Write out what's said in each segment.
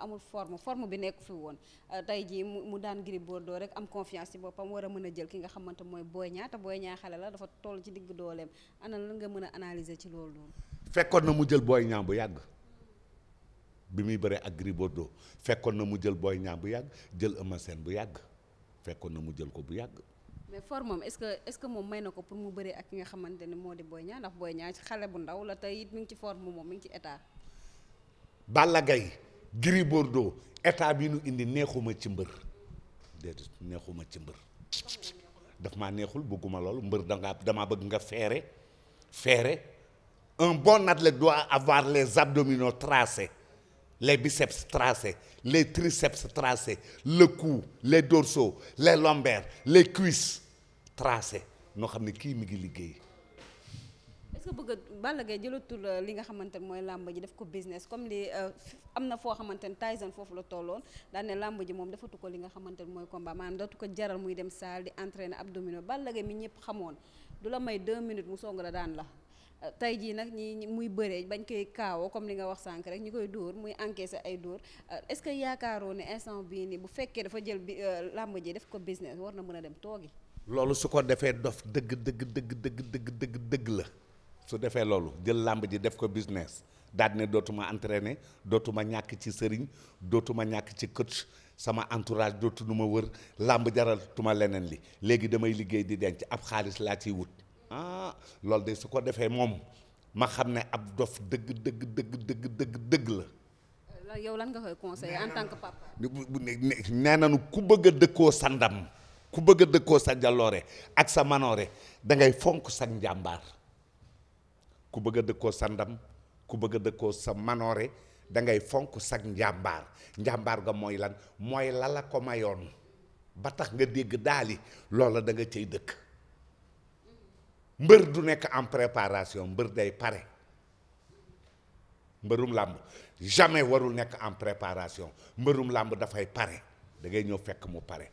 amul form forme bi nekk fi woon euh, tey jii mu daan Gris Bordeaux rek am confiance ci boppam war a mën a jël ki nga xamante mooy booy Niang te Boy Niang la dafa toll ci digg dooleem ana lan nga mën a analyser ci loolu fekkoon na mu jël Boy Niang bu yàgg bi muy bëree ak Gris Bordeaux fekkoon na mu jël Boy Niang bu yàgg jël Eumeu Sène bu yàgg fekkoon na mu jël ko bu yàgg. mais forme am est-ce que est-ce que moom may na ko pour mu bëree ak ki nga xamante ne moo di Boy Niang ndax Boy Niang xale bu ndaw la tey it mi ngi ci forme moom mi ngi ci état. Balla Gaye Gris Bordeaux état bi nu indi neexuma ci mbër déedéet neexuma ci mbër daf ma neexul bëgguma loolu mbër dangaa dama bëgg nga feere feere un bon athlète doit avoir les abdominaux tracés les biceps tracés les triceps tracés le cou les dorsaux les lombaires les cuisses tracés noo xam ne kii mi ngi liggéey est bëgg a jëlatul euh, li nga xamante mooy làmb ji def ko business comme li euh, am na foo xamante ne Tyson foofu la tolloon daan ne làmb ji moom defatu ko li nga xamante ne mooy combat maanaam dootu ko jaral muy dem salle di entraîner ab Balla Gaye mi ñëpp xamoon du la may deux minutes mu song la daan la euh, tey jii nag ñi muy bëree bañ koy kaawoo comme li nga wax sànk rek ñu koy dóor muy encaissé ay dóor est-ce que yaakaaroo ne instant bi nii bu fekkee dafa jël bi làmb ji def ko business war na mën a dem toogi loolu su ko defee dof dëgg dëgg dëgg dëgg dëgg la su defee loolu jël làmb ji def ko business daal ne dootuma entraîner dootuma ñàkk ci sëriñ dootuma ñàkk ci coach sama entourage dootunu ma wër làmb jaral tuma leneen li léegi damay liggéey di denc ab xaalis laa ciy wut ah loolu de su ko defee moom ma xam ne ab dof dëgg dëgg dëgg dëgg dëgg dëgg la. yow lan nga koy nee nañu ku bëgg a dëkkoo sa ndam ku bëgg a dëkkoo sa jaloore ak sa manoore da ngay fonk sa njàmbaar. ku bëgg a dëkkoo sa ndam ku bëgg a dëkkoo sa manoore da ngay fonk sag njàmbaar njàmbaar ga mooy lan mooy lala ko mayoon ba tax nga dégg daali loola danga nga dëkk mbër du nekk en préparation mbër day pare mbërum làmb jamais warul nekk en préparation mbërum làmb dafay pare dangay ñëw fekk mu pare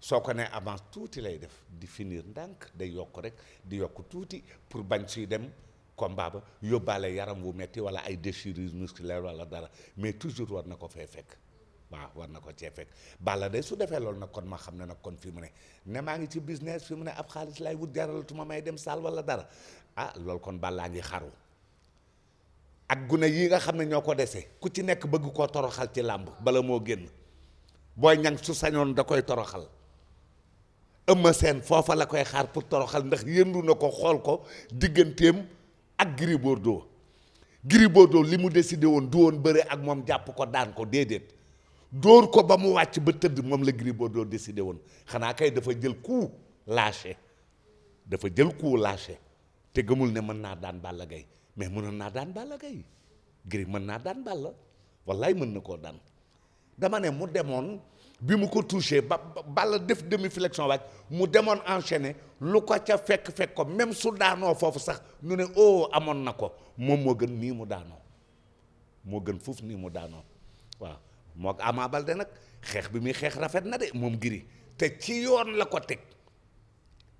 soo ko ne avance tuuti lay def di finir ndànk day yokk rek di yokk tuuti pour bañ suy dem combat ba yóbbaale yaram wu metti wala ay déchirure musculaire wala dara mais toujours war na ko fee fekk waaw war na ko cee fekk Balla day su defee loolu nag kon ma xam ne nag kon fi mu ne ne maa ngi ci business fi mu ne ab xaalis lay wut ma may dem saal wala dara ah loolu kon Balla ngi xaru ak gune yi nga xam ne ñoo ko dese ku ci nekk bëgg koo toroxal ci làmb bala moo génn booy ñang su sañoon da koy toroxal ëmma seen foofa la koy xaar pour toroxal ndax yëndu na ko xool ko digganteem ak Gris Bordeaux Gris Bordeaux li mu décidé woon du woon bëre ak moom jàpp ko daan ko déedéet dóor ko ba mu wàcc ba tëdd moom la Gris doo décidé woon xanaa kay dafa jël coup lâché dafa jël coup lâché te gëmul ne mën naa daan Balla Gaye mais mënoon naa daan Balla Gaye Gris mën naa daan Balla wallaay mën na koo daan dama ne mu demoon bi mu ko touché ba balla def demi flexion wàcc mu demoon enchaîné lu ko ca fekk fekk ko même su daanoo foofu sax ñu ne oh amoon na ko moom moo gën nii mu daanoo moo gën foofu nii mu daanoo waaw moo Ama Baldé nag xeex bi muy xeex rafet na de moom giri te ci yoon la ko teg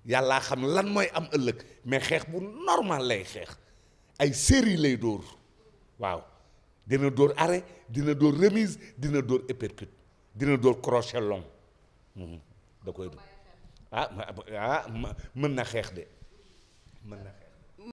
yàllaa xam lan mooy am ëllëg mais xeex bu normal lay xeex ay série lay dóor waaw dina dóor arrêt dina dóor remise dina dóor uppercut dina dóor crochet long mhm. da koy ah ah mën na xeex de mën na xeex